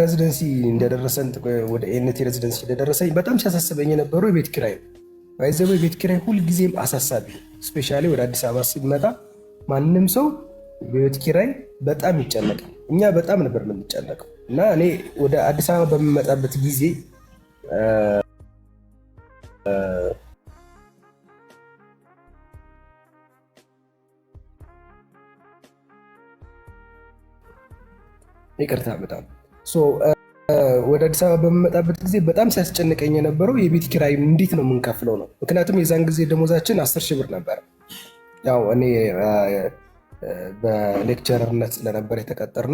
ሬዚደንሲ እንደደረሰን ወደ ኤንቲ ሬዚደንሲ እንደደረሰኝ በጣም ሲያሳስበኝ የነበረው የቤት ኪራይ ይዘበ የቤት ኪራይ ሁልጊዜም አሳሳቢ፣ እስፔሻሊ ወደ አዲስ አበባ ሲመጣ ማንም ሰው የቤት ኪራይ በጣም ይጨነቃል። እኛ በጣም ነበር የምንጨነቀው እና እኔ ወደ አዲስ አበባ በምመጣበት ጊዜ ይቅርታ በጣም ወደ አዲስ አበባ በምመጣበት ጊዜ በጣም ሲያስጨንቀኝ የነበረው የቤት ኪራይ እንዴት ነው የምንከፍለው ነው። ምክንያቱም የዛን ጊዜ ደሞዛችን አስር ሺህ ብር ነበር። ያው እኔ በሌክቸርነት ስለነበር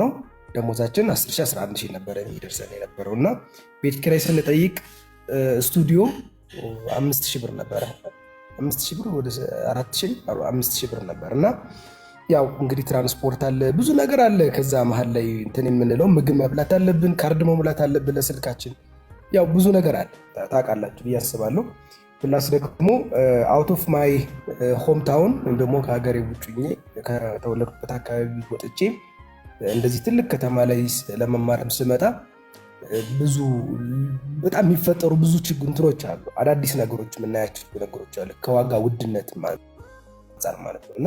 ነው ደሞዛችን አስር ሺህ አስራ አንድ ሺህ ነበረ የሚደርሰን የነበረው እና ቤት ኪራይ ስንጠይቅ ስቱዲዮ አምስት ሺህ ብር ነበረ። አምስት ሺህ ብር ወደ አራት ሺህ አምስት ሺህ ብር ነበር እና ያው እንግዲህ ትራንስፖርት አለ፣ ብዙ ነገር አለ። ከዛ መሀል ላይ እንትን የምንለው ምግብ መብላት አለብን፣ ካርድ መሙላት አለብን ለስልካችን። ያው ብዙ ነገር አለ ታውቃላችሁ ብዬ አስባለሁ። ፕላስ ደግሞ አውት ኦፍ ማይ ሆም ታውን ወይም ደግሞ ከሀገሬ ውጭ ከተወለዱበት አካባቢ ወጥቼ እንደዚህ ትልቅ ከተማ ላይ ለመማርም ስመጣ ብዙ በጣም የሚፈጠሩ ብዙ ችግንትሮች አሉ። አዳዲስ ነገሮች የምናያቸው ነገሮች አለ ከዋጋ ውድነት አንጻር ማለት ነው እና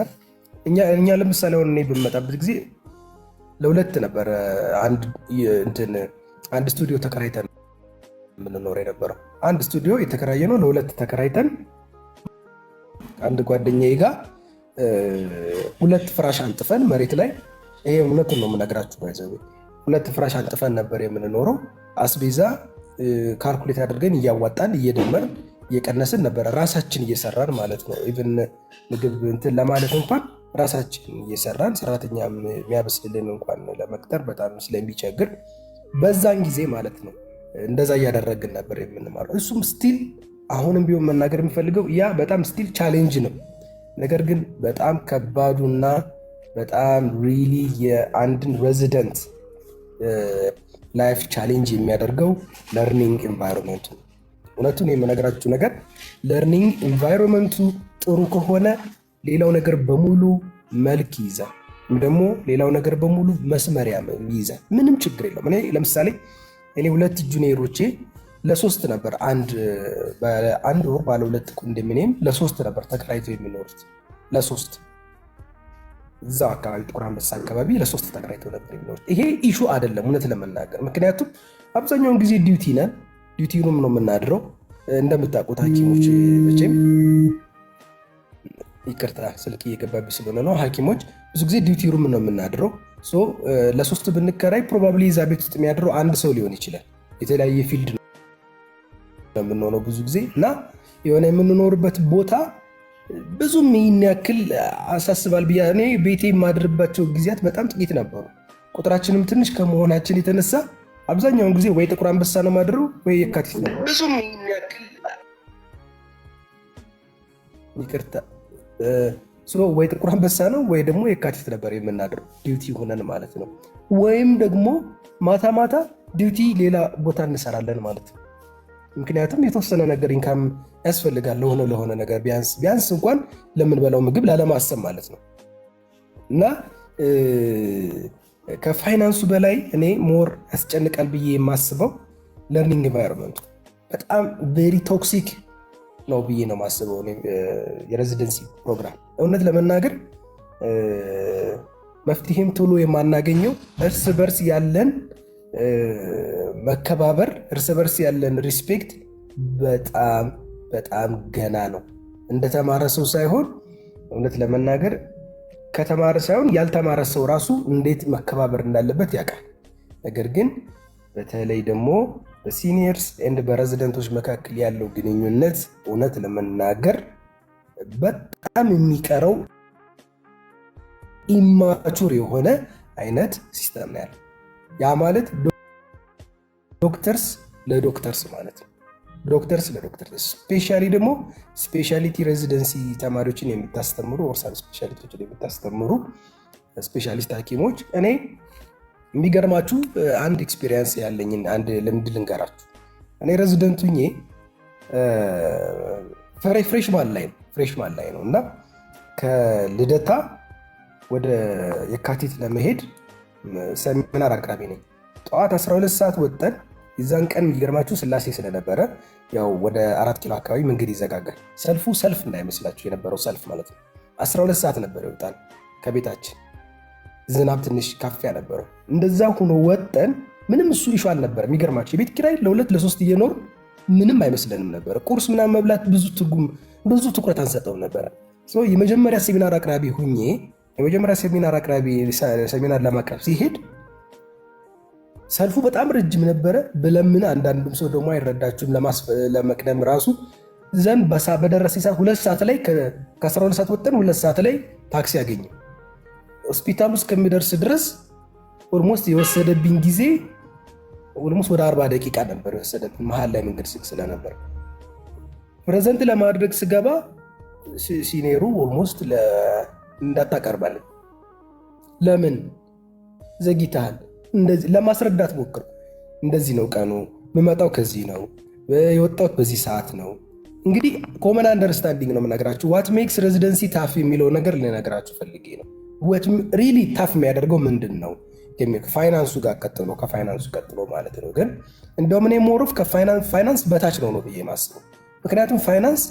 እኛ ለምሳሌ አሁን እኔ በምመጣበት ጊዜ ለሁለት ነበር አንድ ስቱዲዮ ተከራይተን የምንኖር የነበረው። አንድ ስቱዲዮ የተከራየ ነው ለሁለት ተከራይተን አንድ ጓደኛዬ ጋር ሁለት ፍራሽ አንጥፈን መሬት ላይ ይሄ እውነቱን ነው የምነግራችሁ። ይዘ ሁለት ፍራሽ አንጥፈን ነበር የምንኖረው። አስቤዛ ካልኩሌት አድርገን እያዋጣን እየደመርን እየቀነስን ነበረ ራሳችን እየሰራን ማለት ነው። ኢቨን ምግብ እንትን ለማለት እንኳን ራሳችን እየሰራን ሰራተኛ የሚያበስልልን እንኳን ለመቅጠር በጣም ስለሚቸግር በዛን ጊዜ ማለት ነው እንደዛ እያደረግን ነበር የምንማረው። እሱም ስቲል አሁንም ቢሆን መናገር የሚፈልገው ያ በጣም ስቲል ቻሌንጅ ነው። ነገር ግን በጣም ከባዱና በጣም ሪሊ የአንድን ሬዚደንት ላይፍ ቻሌንጅ የሚያደርገው ለርኒንግ ኤንቫይሮንመንቱ ነው። እውነቱን የምነግራችሁ ነገር ለርኒንግ ኤንቫይሮንመንቱ ጥሩ ከሆነ ሌላው ነገር በሙሉ መልክ ይይዛል፣ ወይም ደግሞ ሌላው ነገር በሙሉ መስመር ይይዛል። ምንም ችግር የለውም። እኔ ለምሳሌ እኔ ሁለት ጁኒየሮቼ ለሶስት ነበር አንድ ወር ባለ ሁለት ኮንዶሚኒየም ለሶስት ነበር ተከራይተው የሚኖሩት ለሶስት እዛው አካባቢ ጥቁር አንበሳ አካባቢ ለሶስት ተከራይተው ነበር የሚኖሩት። ይሄ ኢሹ አይደለም እውነት ለመናገር ምክንያቱም አብዛኛውን ጊዜ ዲዩቲ ነን ዲዩቲ ሩም ነው የምናድረው እንደምታውቁት ሐኪሞች መቼም ይቅርታ ስልክ እየገባብኝ ስለሆነ ነው። ሐኪሞች ብዙ ጊዜ ዲዩቲ ሩም ነው የምናድረው። ለሶስት ብንከራይ ፕሮባብሊ እዛ ቤት ውስጥ የሚያድረው አንድ ሰው ሊሆን ይችላል። የተለያየ ፊልድ ነው የምንሆነው ብዙ ጊዜ እና የሆነ የምንኖርበት ቦታ ብዙም ይህን ያክል አሳስባል ብያ እኔ ቤቴ የማድርባቸው ጊዜያት በጣም ጥቂት ነበሩ። ቁጥራችንም ትንሽ ከመሆናችን የተነሳ አብዛኛውን ጊዜ ወይ ጥቁር አንበሳ ነው ማድሩ ወይ የካቲት ነው። ብዙም ይህን ያክል ይቅርታ ወይ ጥቁር አንበሳ ነው ወይ ደግሞ የካቲት ነበር የምናደርገው ዲዩቲ ሆነን ማለት ነው። ወይም ደግሞ ማታ ማታ ዲዩቲ ሌላ ቦታ እንሰራለን ማለት ነው። ምክንያቱም የተወሰነ ነገር ኢንካም ያስፈልጋል ለሆነ ለሆነ ነገር ቢያንስ ቢያንስ እንኳን ለምንበላው ምግብ ላለማሰብ ማለት ነው እና ከፋይናንሱ በላይ እኔ ሞር ያስጨንቃል ብዬ የማስበው ለርኒንግ ኢንቫይሮንመንቱ በጣም ቬሪ ቶክሲክ ነው ብዬ ነው የማስበው። የሬዚደንሲ ፕሮግራም እውነት ለመናገር መፍትሄም ቶሎ የማናገኘው እርስ በርስ ያለን መከባበር፣ እርስ በርስ ያለን ሪስፔክት በጣም በጣም ገና ነው። እንደተማረ ሰው ሳይሆን እውነት ለመናገር ከተማረ ሳይሆን ያልተማረ ሰው ራሱ እንዴት መከባበር እንዳለበት ያውቃል። ነገር ግን በተለይ ደግሞ በሲኒየርስ ኤንድ በሬዚደንቶች መካከል ያለው ግንኙነት እውነት ለመናገር በጣም የሚቀረው ኢማቹር የሆነ አይነት ሲስተም ነው ያለ። ያ ማለት ዶክተርስ ለዶክተርስ ማለት ነው። ዶክተርስ ለዶክተርስ ስፔሻሊ ደግሞ ስፔሻሊቲ ሬዚደንሲ ተማሪዎችን የምታስተምሩ ወር ስፔሻሊቲዎችን የምታስተምሩ ስፔሻሊስት ሐኪሞች እኔ የሚገርማችሁ አንድ ኤክስፔሪንስ ያለኝ አንድ ልምድ ልንገራችሁ። እኔ ሬዚደንቱ ፈሬ ፍሬሽማን ላይ ነው ፍሬሽማን ላይ ነው እና ከልደታ ወደ የካቲት ለመሄድ ሰሚናር አቅራቢ ነኝ። ጠዋት 12 ሰዓት ወጠን የዛን ቀን የሚገርማችሁ ስላሴ ስለነበረ ያው ወደ አራት ኪሎ አካባቢ መንገድ ይዘጋጋል። ሰልፉ ሰልፍ እንዳይመስላችሁ የነበረው ሰልፍ ማለት ነው። 12 ሰዓት ነበር ይወጣል ከቤታችን ዝናብ ትንሽ ካፍ ነበረው። እንደዛ ሆኖ ወጠን ምንም እሱ ይሹ አልነበረም። የሚገርማቸው የቤት ኪራይ ለሁለት ለሶስት እየኖር ምንም አይመስለንም ነበረ። ቁርስ ምናምን መብላት ብዙ ትርጉም ብዙ ትኩረት አንሰጠውም ነበረ። የመጀመሪያ ሴሚናር አቅራቢ ሁኜ የመጀመሪያ ሴሚናር አቅራቢ ሴሚናር ለማቅረብ ሲሄድ ሰልፉ በጣም ረጅም ነበረ። ብለምን አንዳንዱም ሰው ደግሞ አይረዳችሁም ለመቅደም ራሱ ዘንድ በደረሰ ሰዓት ሁለት ሰዓት ላይ ከ12 ሰዓት ወጠን ሁለት ሰዓት ላይ ታክሲ አገኘ ሆስፒታል ውስጥ ከሚደርስ ድረስ ኦልሞስት የወሰደብኝ ጊዜ ኦልሞስት ወደ አርባ ደቂቃ ነበር የወሰደብኝ መሀል ላይ መንገድ ስቅ ስለነበር ፕሬዘንት ለማድረግ ስገባ ሲኔሩ ኦልሞስት እንዳታቀርባለን ለምን ዘግይተሃል? ለማስረዳት ሞክር። እንደዚህ ነው ቀኑ፣ የምመጣው ከዚህ ነው፣ የወጣሁት በዚህ ሰዓት ነው። እንግዲህ ኮመን አንደርስታንዲንግ ነው የምነግራችሁ። ዋት ሜክስ ሬዚደንሲ ታፍ የሚለው ነገር ልነግራችሁ ፈልጌ ነው። ሪሊ ታፍ የሚያደርገው ምንድን ነው የሚል ፋይናንሱ ጋር ቀጥሎ ከፋይናንሱ ቀጥሎ ማለት ነው። ግን እንደውም እኔ ከፋይናንስ በታች ነው ነው ብዬ ማስበው። ምክንያቱም ፋይናንስ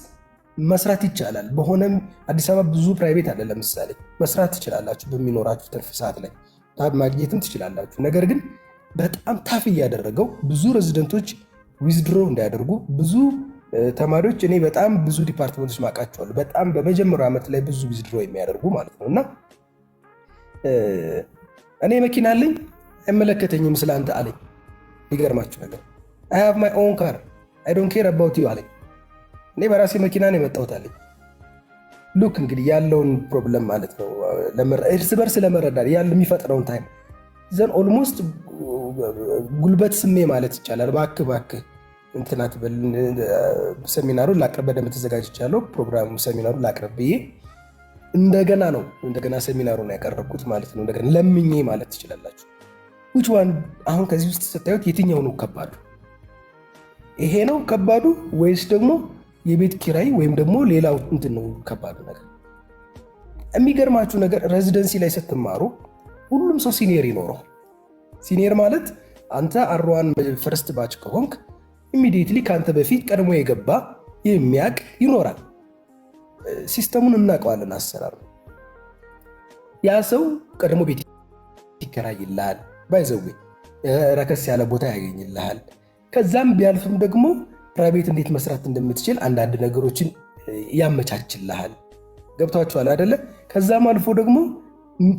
መስራት ይቻላል። በሆነም አዲስ አበባ ብዙ ፕራይቬት አለ። ለምሳሌ መስራት ትችላላችሁ፣ በሚኖራችሁ ትርፍ ሰዓት ላይ ማግኘትም ትችላላችሁ። ነገር ግን በጣም ታፍ እያደረገው ብዙ ሬዚደንቶች ዊዝድሮ እንዳያደርጉ ብዙ ተማሪዎች እኔ በጣም ብዙ ዲፓርትመንቶች ማቃቸዋሉ። በጣም በመጀመሪያ ዓመት ላይ ብዙ ዊዝድሮ የሚያደርጉ ማለት ነው እና እኔ መኪና አለኝ አይመለከተኝም ስለ አንተ አለኝ። ይገርማችሁ ነገር አይ ሃቭ ማይ ኦን ካር አይ ዶንት ኬር አባውት ዩ አለኝ። እኔ በራሴ መኪና ነው የመጣሁት አለኝ። ሉክ እንግዲህ ያለውን ፕሮብለም ማለት ነው እርስ በርስ ለመረዳት ያ የሚፈጥረውን ታይም ዘን ኦልሞስት ጉልበት ስሜ ማለት ይቻላል። ባክ ባክ እንትናት ሰሚናሩን ላቅርብ በደንብ ተዘጋጅቻለሁ። ፕሮግራሙ ሰሚናሩን ላቅርብ ብዬ እንደገና ነው እንደገና ሴሚናሩን ያቀረብኩት ማለት ነው። እንደገና ለምኜ ማለት ትችላላችሁ። ዊች ዋን አሁን ከዚህ ውስጥ ስታዩት የትኛው ነው ከባዱ? ይሄ ነው ከባዱ ወይስ ደግሞ የቤት ኪራይ ወይም ደግሞ ሌላው እንትን ነው ከባዱ ነገር? የሚገርማችሁ ነገር ሬዚደንሲ ላይ ስትማሩ ሁሉም ሰው ሲኒየር ይኖረው። ሲኒየር ማለት አንተ አሮዋን ፈርስት ባች ከሆንክ ኢሚዲየትሊ ከአንተ በፊት ቀድሞ የገባ የሚያቅ ይኖራል። ሲስተሙን እናውቀዋለን፣ አሰራር ያ ሰው ቀድሞ ቤት ይከራይልሃል፣ ባይዘዌ ረከስ ያለ ቦታ ያገኝልሃል። ከዛም ቢያልፍም ደግሞ ፕራይቬት እንዴት መስራት እንደምትችል አንዳንድ ነገሮችን ያመቻችልሃል። ገብቷችኋል አይደለ? ከዛም አልፎ ደግሞ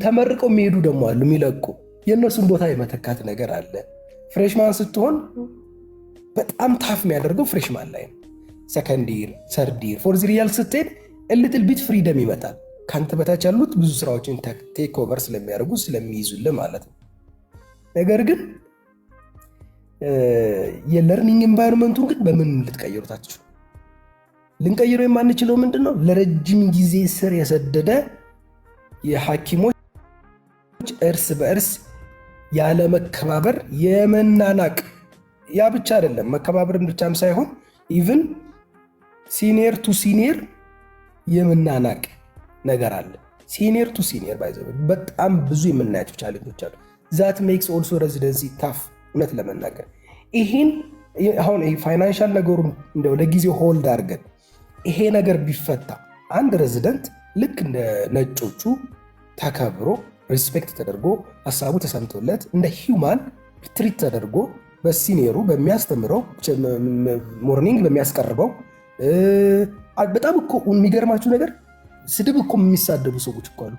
ተመርቀው የሚሄዱ ደግሞ አሉ የሚለቁ፣ የእነሱን ቦታ የመተካት ነገር አለ። ፍሬሽማን ስትሆን በጣም ታፍ የሚያደርገው ፍሬሽማን ላይ ነው። ሰከንድ ይር፣ ሰርድ ይር፣ ፎርዝ ይር እያልክ ስትሄድ እልትል ቢት ፍሪደም ይመጣል። ከአንተ በታች ያሉት ብዙ ስራዎችን ቴክ ኦቨር ስለሚያደርጉ ስለሚይዙልህ ማለት ነው። ነገር ግን የለርኒንግ ኤንቫይሮንመንቱን ግን በምን ልትቀይሩታችሁ? አትችሉ። ልንቀይረው የማንችለው ምንድን ነው? ለረጅም ጊዜ ስር የሰደደ የሐኪሞች እርስ በእርስ ያለመከባበር የመናናቅ ያ ብቻ አይደለም። መከባበርን ብቻም ሳይሆን ኢቭን ሲኒየር ቱ ሲኒየር የምናናቅ ነገር አለ። ሲኒየር ቱ ሲኒየር ባይዘ በጣም ብዙ የምናያቸው ቻሌንጆች አሉ። ዛት ሜክስ ኦልሶ ረዚደንሲ ታፍ። እውነት ለመናገር ይሄን አሁን ፋይናንሻል ነገሩን እንደው ለጊዜው ሆልድ አድርገን ይሄ ነገር ቢፈታ አንድ ሬዚደንት ልክ እንደ ነጮቹ ተከብሮ ሪስፔክት ተደርጎ ሀሳቡ ተሰምቶለት እንደ ሂውማን ትሪት ተደርጎ በሲኒየሩ በሚያስተምረው ሞርኒንግ በሚያስቀርበው በጣም እኮ የሚገርማችሁ ነገር ስድብ እኮ የሚሳደቡ ሰዎች እኮ አሉ፣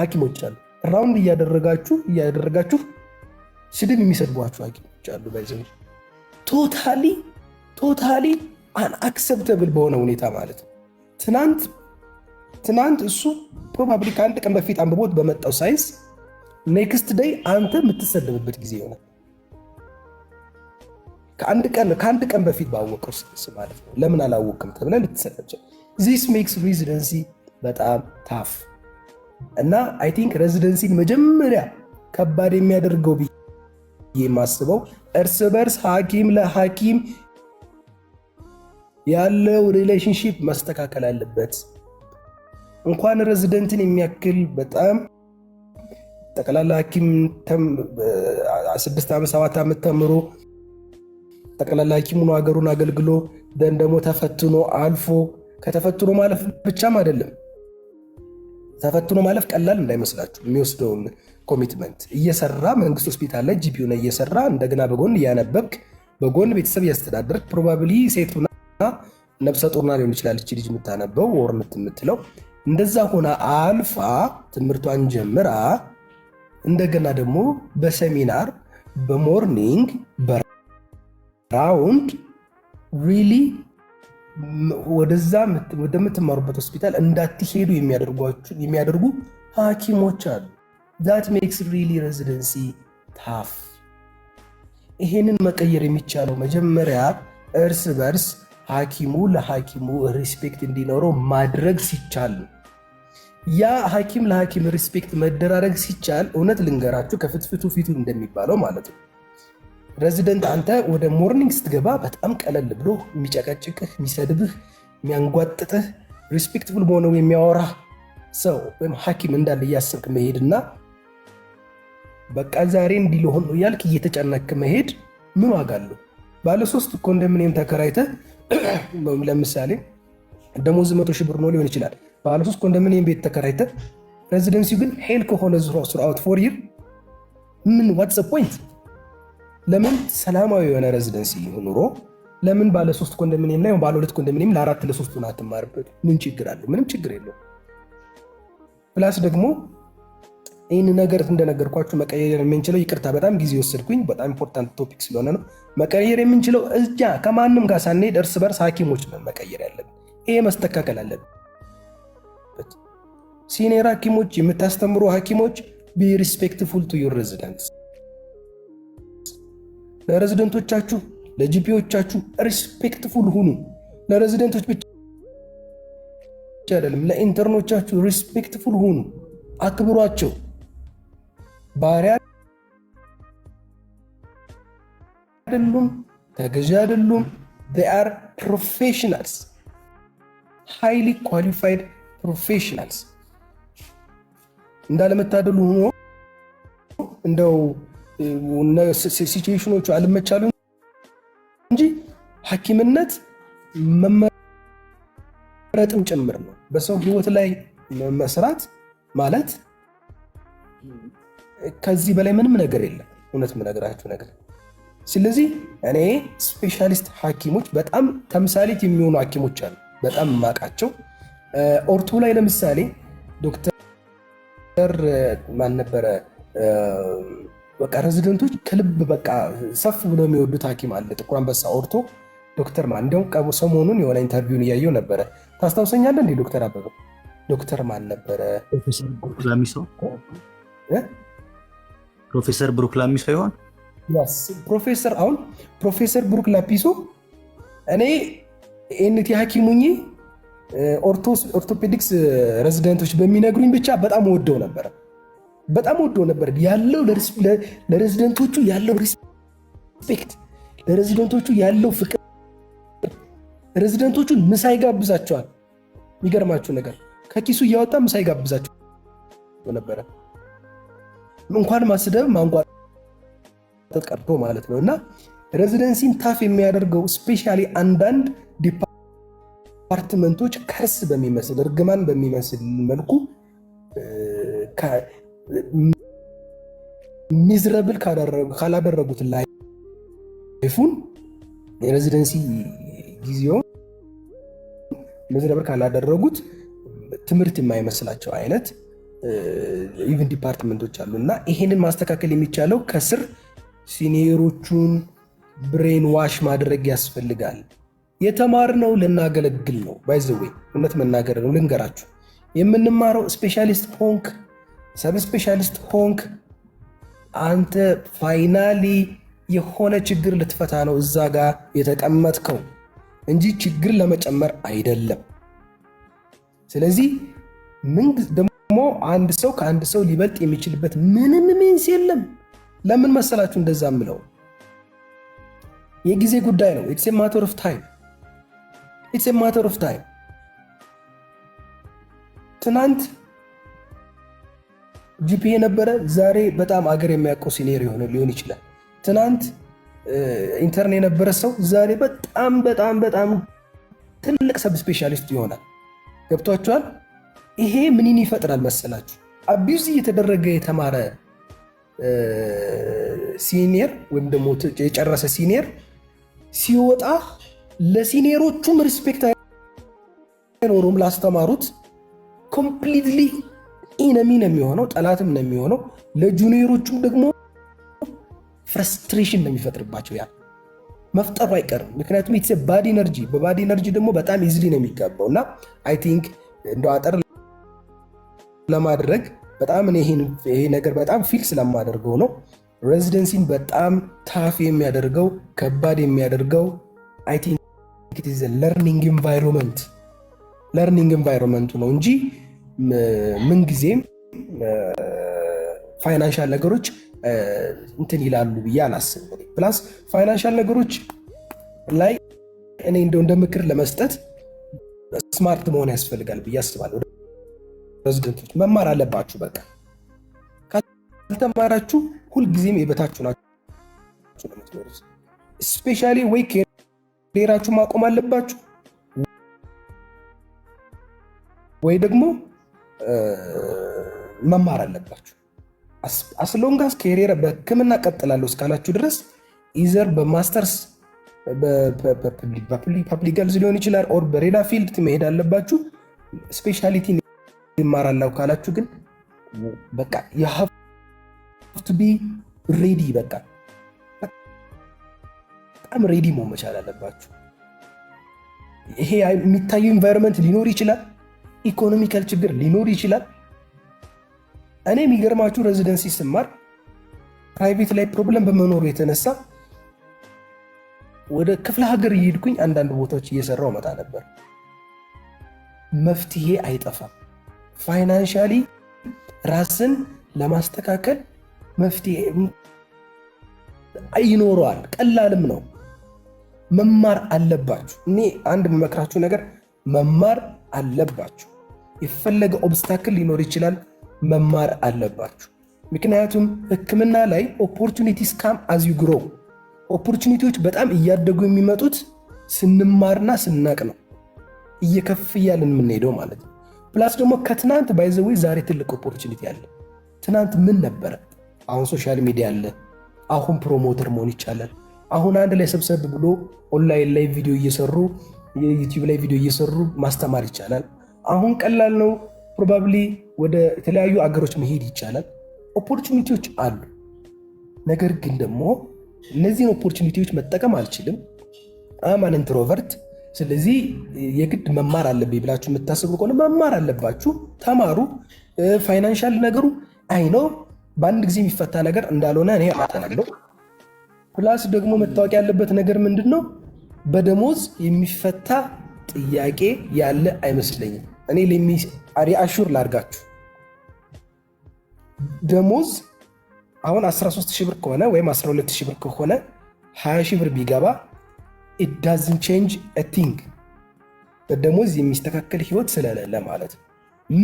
ሐኪሞች አሉ። ራውንድ እያደረጋችሁ እያደረጋችሁ ስድብ የሚሰድቧችሁ ሐኪሞች አሉ። ባይዘ ቶታሊ ቶታሊ አንአክሰፕተብል በሆነ ሁኔታ ማለት ነው። ትናንት ትናንት እሱ ፕሮባብሊ ከአንድ ቀን በፊት አንብቦት በመጣው ሳይንስ ኔክስት ደይ አንተ የምትሰደብበት ጊዜ ይሆናል። ከአንድ ቀን ከአንድ ቀን በፊት ባወቀው ስ ማለት ነው ለምን አላወቅም ተብለ ልትሰጠች ዚስ ሜክስ ሬዚደንሲ በጣም ታፍ እና አይ ቲንክ ሬዚደንሲን መጀመሪያ ከባድ የሚያደርገው ብዬ የማስበው እርስ በርስ ሐኪም ለሐኪም ያለው ሪሌሽንሺፕ መስተካከል አለበት። እንኳን ሬዚደንትን የሚያክል በጣም ጠቅላላ ሐኪም ስድስት ዓመት ሰባት ዓመት ተምሮ ጠቅላላ ሐኪሙን ሀገሩን አገልግሎ ደን ደግሞ ተፈትኖ አልፎ ከተፈትኖ ማለፍ ብቻም አይደለም። ተፈትኖ ማለፍ ቀላል እንዳይመስላችሁ የሚወስደውን ኮሚትመንት እየሰራ መንግስት ሆስፒታል ላይ ጂፒ ሆነ እየሰራ እንደገና በጎን እያነበብክ በጎን ቤተሰብ እያስተዳደርክ ፕሮባብሊ ሴቱና ነብሰ ጡርና ሊሆን ይችላል እቺ ልጅ የምታነበው ወር የምትለው እንደዛ ሆና አልፋ ትምህርቷን ጀምራ እንደገና ደግሞ በሰሚናር በሞርኒንግ በ ራውንድ ሪሊ ወደዛ ወደምትማሩበት ሆስፒታል እንዳትሄዱ የሚያደርጉ ሐኪሞች አሉ። ዛት ሜክስ ሪሊ ሬዚደንሲ ታፍ። ይሄንን መቀየር የሚቻለው መጀመሪያ እርስ በርስ ሐኪሙ ለሐኪሙ ሪስፔክት እንዲኖረው ማድረግ ሲቻል ነው። ያ ሐኪም ለሐኪም ሪስፔክት መደራረግ ሲቻል እውነት ልንገራችሁ ከፍትፍቱ ፊቱ እንደሚባለው ማለት ነው ሬዚደንት አንተ ወደ ሞርኒንግ ስትገባ በጣም ቀለል ብሎ የሚጨቀጭቅህ፣ የሚሰድብህ፣ የሚያንጓጥጥህ ሪስፔክትብል በሆነ የሚያወራ ሰው ወይም ሐኪም እንዳለ እያሰብክ መሄድና በቃ ዛሬ እንዲህ ልሆን ነው እያልክ እየተጨነክ መሄድ ምን ዋጋ አለው? ባለሶስት ኮንዶሚኒየም ተከራይተህ ለምሳሌ ደሞዝ መቶ ሺህ ብር ነው ሊሆን ይችላል። ባለሶስት ኮንዶሚኒየም ቤት ተከራይተህ ሬዚደንሲው ግን ሄል ከሆነ ዙሮ ስርአውት ፎር ይር ምን ዋትስ ፖይንት ለምን ሰላማዊ የሆነ ሬዚደንሲ ኑሮ ለምን ባለ ሶስት ኮንዶሚኒየም ላይ ባለ ሁለት ኮንዶሚኒየም ለአራት ለሶስቱን አትማርበት? ምን ችግር አለው? ምንም ችግር የለው። ፕላስ ደግሞ ይህን ነገር እንደነገርኳችሁ መቀየር የምንችለው ይቅርታ፣ በጣም ጊዜ ወሰድኩኝ። በጣም ኢምፖርታንት ቶፒክ ስለሆነ ነው። መቀየር የምንችለው እዚያ ከማንም ጋር ሳንሄድ እርስ በርስ ሐኪሞች ነው መቀየር ያለብን። ይሄ መስተካከል አለብን። ሲኒየር ሐኪሞች፣ የምታስተምሩ ሐኪሞች ቢ ሪስፔክትፉል ቱ ዩር ሬዚደንትስ ለሬዚደንቶቻችሁ፣ ለጂፒዎቻችሁ ሪስፔክትፉል ሁኑ። ለሬዚደንቶች ብቻ አይደለም፣ ለኢንተርኖቻችሁ ሪስፔክትፉል ሁኑ፣ አክብሯቸው። ባሪያ አይደሉም፣ ተገዢ አይደሉም። they are ፕሮፌሽናልስ highly qualified እንዳለመታደሉ ሆኖ እንደው ሲቹዌሽኖቹ አልመቻሉ እንጂ ሐኪምነት መመረጥም ጭምር ነው። በሰው ህይወት ላይ መስራት ማለት ከዚህ በላይ ምንም ነገር የለም። እውነት ምነግራችሁ ነገር ስለዚህ እኔ ስፔሻሊስት ሐኪሞች በጣም ተምሳሌት የሚሆኑ ሐኪሞች አሉ፣ በጣም የማውቃቸው ኦርቶ ላይ ለምሳሌ ዶክተር ማን ነበረ? በቃ ሬዚደንቶች ከልብ በቃ ሰፍ ብሎ የሚወዱት ሐኪም አለ ጥቁር አንበሳ ኦርቶ ዶክተር ማን። እንደውም ሰሞኑን የሆነ ኢንተርቪውን እያየው ነበረ። ታስታውሰኛለህ እንዴ? ዶክተር አበበ ዶክተር ማን ነበረ? ፕሮፌሰር ብሩክ ላሚሶ ይሆን? ፕሮፌሰር አሁን ፕሮፌሰር ብሩክ ላፒሶ እኔ ኤንቲ ሐኪም ኦርቶፔዲክስ ሬዚደንቶች በሚነግሩኝ ብቻ በጣም ወደው ነበረ በጣም ወዶ ነበር ያለው ለሬዚደንቶቹ ያለው ሪስፔክት፣ ለሬዚደንቶቹ ያለው ፍቅር። ሬዚደንቶቹን ምሳ ይጋብዛቸዋል። የሚገርማችሁ ነገር ከኪሱ እያወጣ ምሳ ይጋብዛቸው ነበረ። እንኳን ማስደብ ማንጓጠጥ ቀርቶ ማለት ነው። እና ሬዚደንሲን ታፍ የሚያደርገው ስፔሻሊ አንዳንድ ዲፓርትመንቶች ከርስ በሚመስል እርግማን በሚመስል መልኩ ሚዝረብል ካላደረጉት ላይፉን የሬዚደንሲ ጊዜውን ሚዝረብል ካላደረጉት ትምህርት የማይመስላቸው አይነት ኢቨን eh, ዲፓርትመንቶች አሉ እና ይሄንን ማስተካከል የሚቻለው ከስር ሲኒየሮቹን ብሬን ዋሽ ማድረግ ያስፈልጋል። የተማርነው ልናገለግል ነው። ባይዘወይ እውነት መናገር ነው። ልንገራችሁ የምንማረው ስፔሻሊስት ፖንክ ሰብ ስፔሻሊስት ሆንክ አንተ ፋይናሊ የሆነ ችግር ልትፈታ ነው እዛ ጋር የተቀመጥከው እንጂ ችግር ለመጨመር አይደለም። ስለዚህ ምን ደግሞ አንድ ሰው ከአንድ ሰው ሊበልጥ የሚችልበት ምንም ሚንስ የለም። ለምን መሰላችሁ እንደዛ ምለው? የጊዜ ጉዳይ ነው። ኢትስ ማተር ኦፍ ታይም፣ ኢትስ ማተር ኦፍ ታይም ትናንት ጂፒ የነበረ ዛሬ በጣም አገር የሚያውቀው ሲኒየር የሆነ ሊሆን ይችላል። ትናንት ኢንተርን የነበረ ሰው ዛሬ በጣም በጣም በጣም ትልቅ ሰብ ስፔሻሊስት ይሆናል። ገብቷችኋል? ይሄ ምንን ይፈጥራል መሰላችሁ? አቢዩዝ እየተደረገ የተማረ ሲኒየር ወይም ደግሞ የጨረሰ ሲኒየር ሲወጣ ለሲኒየሮቹም ሪስፔክት አይኖሩም፣ ላስተማሩት ኮምፕሊትሊ ኢነሚ ነው የሚሆነው፣ ጠላትም ነው የሚሆነው። ለጁኒየሮቹም ደግሞ ፍረስትሬሽን ነው የሚፈጥርባቸው። ያ መፍጠሩ አይቀርም። ምክንያቱም ኢትስ ባድ ኤነርጂ፣ በባድ ኤነርጂ ደግሞ በጣም ኢዝሊ ነው የሚጋባው እና አይ ቲንክ እንደ አጠር ለማድረግ በጣም ይሄ ነገር በጣም ፊል ስለማደርገው ነው ሬዚደንሲን በጣም ታፍ የሚያደርገው ከባድ የሚያደርገው አይ ቲንክ ኢት ኢዝ ለርኒንግ ኢንቫይሮንመንት ለርኒንግ ኢንቫይሮንመንቱ ነው እንጂ ምንጊዜም ፋይናንሻል ነገሮች እንትን ይላሉ ብዬ አላስብም። ፕላስ ፋይናንሻል ነገሮች ላይ እኔ እንደው እንደ ምክር ለመስጠት ስማርት መሆን ያስፈልጋል ብዬ አስባለሁ። ፕሬዚደንቶች መማር አለባችሁ። በቃ ካልተማራችሁ ሁልጊዜም የበታችሁ ናችሁ ለምትኖሩት። ስፔሻሊ ወይ ሌራችሁ ማቆም አለባችሁ ወይ ደግሞ መማር አለባችሁ። አስሎንጋስ ኬሪየር በህክምና ቀጥላለሁ እስካላችሁ ድረስ ኢዘር በማስተርስ ፐብሊክ ሊሆን ይችላል ኦር በሌላ ፊልድ መሄድ አለባችሁ። ስፔሻሊቲ ይማራለሁ ካላችሁ ግን በቃ የሀፍቱ ቢ ሬዲ በቃ በጣም ሬዲ መሆን መቻል አለባችሁ። ይሄ የሚታየው ኢንቫይሮንመንት ሊኖር ይችላል ኢኮኖሚካል ችግር ሊኖር ይችላል። እኔ የሚገርማችሁ ሬዚደንሲ ስማር ፕራይቬት ላይ ፕሮብለም በመኖሩ የተነሳ ወደ ክፍለ ሀገር እየሄድኩኝ አንዳንድ ቦታዎች እየሰራው መጣ ነበር። መፍትሄ አይጠፋም። ፋይናንሻሊ ራስን ለማስተካከል መፍትሄ ይኖረዋል። ቀላልም ነው። መማር አለባችሁ። እኔ አንድ የምመክራችሁ ነገር መማር አለባችሁ። የፈለገ ኦብስታክል ሊኖር ይችላል። መማር አለባችሁ። ምክንያቱም ህክምና ላይ ኦፖርቹኒቲስ ካም አዝ ዩ ኦፖርቹኒቲዎች በጣም እያደጉ የሚመጡት ስንማርና ስናቅ ነው። እየከፍ እያልን የምንሄደው ማለት ነው። ፕላስ ደግሞ ከትናንት ባይዘዌ ዛሬ ትልቅ ኦፖርቹኒቲ አለ። ትናንት ምን ነበረ? አሁን ሶሻል ሚዲያ አለ። አሁን ፕሮሞተር መሆን ይቻላል። አሁን አንድ ላይ ሰብሰብ ብሎ ኦንላይን ላይ ቪዲዮ እየሰሩ ዩቲዩብ ላይ ቪዲዮ እየሰሩ ማስተማር ይቻላል። አሁን ቀላል ነው። ፕሮባብሊ ወደ የተለያዩ አገሮች መሄድ ይቻላል። ኦፖርቹኒቲዎች አሉ። ነገር ግን ደግሞ እነዚህን ኦፖርቹኒቲዎች መጠቀም አልችልም። አማን ኢንትሮቨርት። ስለዚህ የግድ መማር አለብኝ ብላችሁ የምታስቡ ከሆነ መማር አለባችሁ፣ ተማሩ። ፋይናንሻል ነገሩ አይ ነው በአንድ ጊዜ የሚፈታ ነገር እንዳልሆነ እኔ አጠናለሁ። ፕላስ ደግሞ መታወቅ ያለበት ነገር ምንድን ነው፣ በደሞዝ የሚፈታ ጥያቄ ያለ አይመስለኝም። እኔ ሪአሹር ላርጋችሁ ደሞዝ አሁን 13 ሺህ ብር ከሆነ ወይም 12 ሺህ ብር ከሆነ 20 ሺህ ብር ቢገባ ኢት ዳዝን ቼንጅ አ ቲንግ በደሞዝ የሚስተካከል ህይወት ስለሌለ ማለት ነው።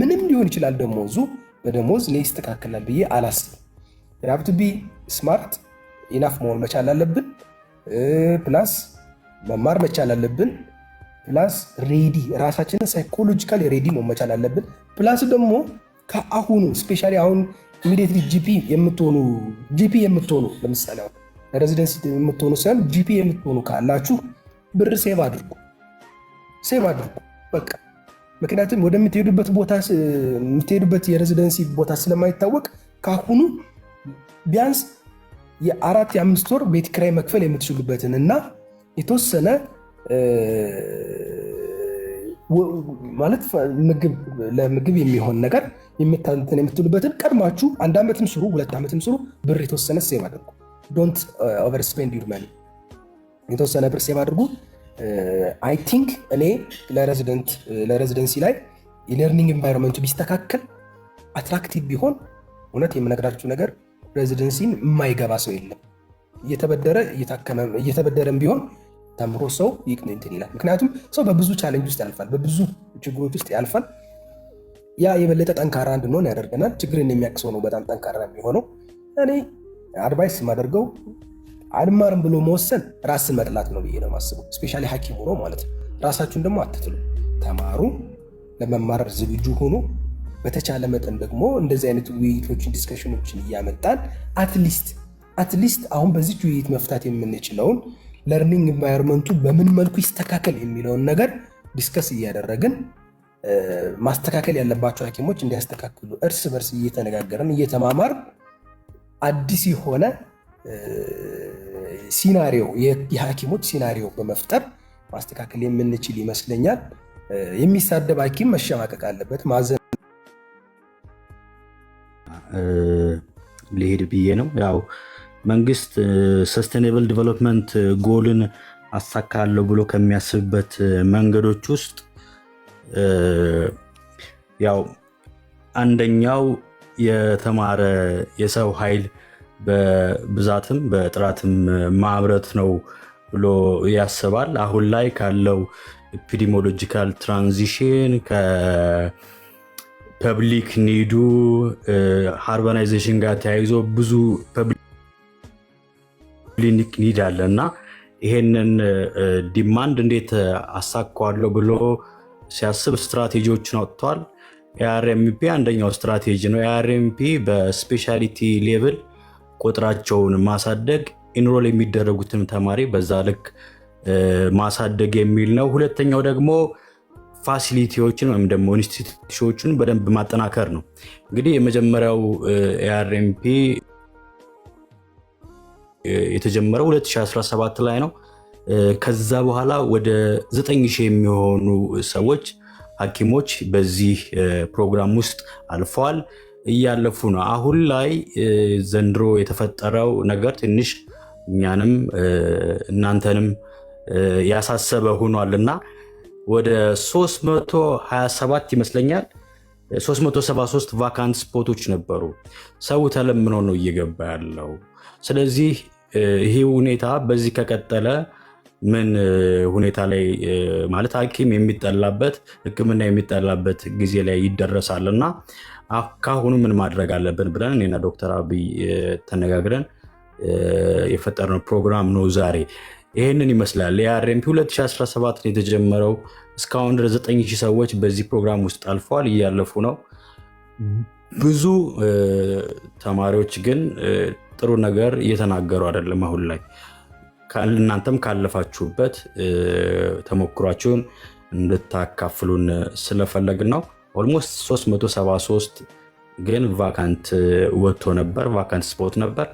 ምንም ሊሆን ይችላል ደሞዙ በደሞዝ እኔ ይስተካከላል ብዬ አላስብም። ሀብቱ ቢ ስማርት ኢናፍ መሆን መቻል አለብን። ፕላስ መማር መቻል አለብን። ፕላስ ሬዲ ራሳችንን ሳይኮሎጂካል ሬዲ መሆን መቻል አለብን። ፕላስ ደግሞ ከአሁኑ ስፔሻሊ አሁን ኢሚዲየትሊ ጂፒ የምትሆኑ ጂፒ የምትሆኑ ለምሳሌ አሁን ሬዚደንስ የምትሆኑ ሳይሆን ጂፒ የምትሆኑ ካላችሁ ብር ሴቭ አድርጉ፣ ሴቭ አድርጉ በቃ ምክንያቱም ወደምትሄዱበት ቦታ የምትሄዱበት የሬዚደንሲ ቦታ ስለማይታወቅ ከአሁኑ ቢያንስ የአራት የአምስት ወር ቤት ክራይ መክፈል የምትችሉበትን እና የተወሰነ ማለት ለምግብ የሚሆን ነገር የምታንትን የምትሉበትን ቀድማችሁ አንድ ዓመትም ስሩ፣ ሁለት ዓመትም ስሩ። ብር የተወሰነ ሴቭ አድርጉ። ዶንት ኦቨር ስፔንድ ዩር መኒ። የተወሰነ ብር ሴቭ አድርጉ። አይ ቲንክ እኔ ለሬዚደንሲ ላይ የለርኒንግ ኤንቫይሮንመንቱ ቢስተካከል አትራክቲቭ ቢሆን እውነት የምነግራችሁ ነገር ሬዚደንሲን የማይገባ ሰው የለም። እየተበደረ እየታከመ እየተበደረም ቢሆን ተምሮ ሰው ይቅንንትን ይላል። ምክንያቱም ሰው በብዙ ቻለንጅ ውስጥ ያልፋል፣ በብዙ ችግሮች ውስጥ ያልፋል። ያ የበለጠ ጠንካራ እንድንሆን ያደርገናል። ችግርን የሚያቅሰው ነው በጣም ጠንካራ የሚሆነው። እኔ አድቫይስ የማደርገው አልማርም ብሎ መወሰን ራስን መጥላት ነው ብዬ ነው የማስበው። ስፔሻሊ ሐኪም ሆኖ ማለት ነው። ራሳችሁን ደግሞ አትትሉ፣ ተማሩ፣ ለመማር ዝግጁ ሆኖ በተቻለ መጠን ደግሞ እንደዚህ አይነት ውይይቶችን ዲስከሽኖችን እያመጣን አትሊስት አትሊስት አሁን በዚች ውይይት መፍታት የምንችለውን ለርኒንግ ኢንቫይሮንመንቱ በምን መልኩ ይስተካከል የሚለውን ነገር ዲስከስ እያደረግን ማስተካከል ያለባቸው ሐኪሞች እንዲያስተካክሉ እርስ በርስ እየተነጋገርን እየተማማር አዲስ የሆነ ሲናሪዮ የሐኪሞች ሲናሪዮ በመፍጠር ማስተካከል የምንችል ይመስለኛል። የሚሳደብ ሐኪም መሸማቀቅ አለበት ማዘን ልሄድ ብዬ ነው ያው መንግስት ሰስቴኔብል ዲቨሎፕመንት ጎልን አሳካለሁ ብሎ ከሚያስብበት መንገዶች ውስጥ ያው አንደኛው የተማረ የሰው ኃይል በብዛትም በጥራትም ማምረት ነው ብሎ ያስባል። አሁን ላይ ካለው ኢፒዲሞሎጂካል ትራንዚሽን ከፐብሊክ ኒዱ ሃርባናይዜሽን ጋር ተያይዞ ብዙ ክሊኒክ ኒድ አለ እና ይሄንን ዲማንድ እንዴት አሳካዋለሁ ብሎ ሲያስብ ስትራቴጂዎችን አውጥተዋል። ኤአርኤምፒ አንደኛው ስትራቴጂ ነው። ኤአርኤምፒ በስፔሻሊቲ ሌቭል ቁጥራቸውን ማሳደግ፣ ኢንሮል የሚደረጉትን ተማሪ በዛ ልክ ማሳደግ የሚል ነው። ሁለተኛው ደግሞ ፋሲሊቲዎችን ወይም ደግሞ ኢንስቲትዩሽኖችን በደንብ ማጠናከር ነው። እንግዲህ የመጀመሪያው ኤአርኤምፒ የተጀመረው 2017 ላይ ነው። ከዛ በኋላ ወደ 9000 የሚሆኑ ሰዎች ሐኪሞች በዚህ ፕሮግራም ውስጥ አልፈዋል፣ እያለፉ ነው። አሁን ላይ ዘንድሮ የተፈጠረው ነገር ትንሽ እኛንም እናንተንም ያሳሰበ ሆኗል እና ወደ 327 ይመስለኛል 373 ቫካንት ስፖቶች ነበሩ። ሰው ተለምኖ ነው እየገባ ያለው። ስለዚህ ይሄ ሁኔታ በዚህ ከቀጠለ ምን ሁኔታ ላይ ማለት ሐኪም የሚጠላበት ሕክምና የሚጠላበት ጊዜ ላይ ይደረሳል እና ከአሁኑ ምን ማድረግ አለብን ብለን እኔና ዶክተር አብይ ተነጋግረን የፈጠርነው ፕሮግራም ነው ዛሬ። ይህንን ይመስላል። የአርኤምፒ 2017 የተጀመረው እስካሁን ድረስ 9 ሺህ ሰዎች በዚህ ፕሮግራም ውስጥ አልፈዋል፣ እያለፉ ነው። ብዙ ተማሪዎች ግን ጥሩ ነገር እየተናገሩ አይደለም። አሁን ላይ እናንተም ካለፋችሁበት ተሞክሯችሁን እንድታካፍሉን ስለፈለግን ነው። ኦልሞስት 373 ግን ቫካንት ወጥቶ ነበር፣ ቫካንት ስፖት ነበር።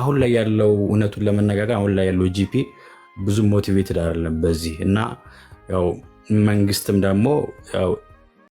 አሁን ላይ ያለው እውነቱን ለመነጋገር አሁን ላይ ያለው ጂፒ ብዙ ሞቲቬትድ አይደለም በዚህ እና ያው መንግስትም ደግሞ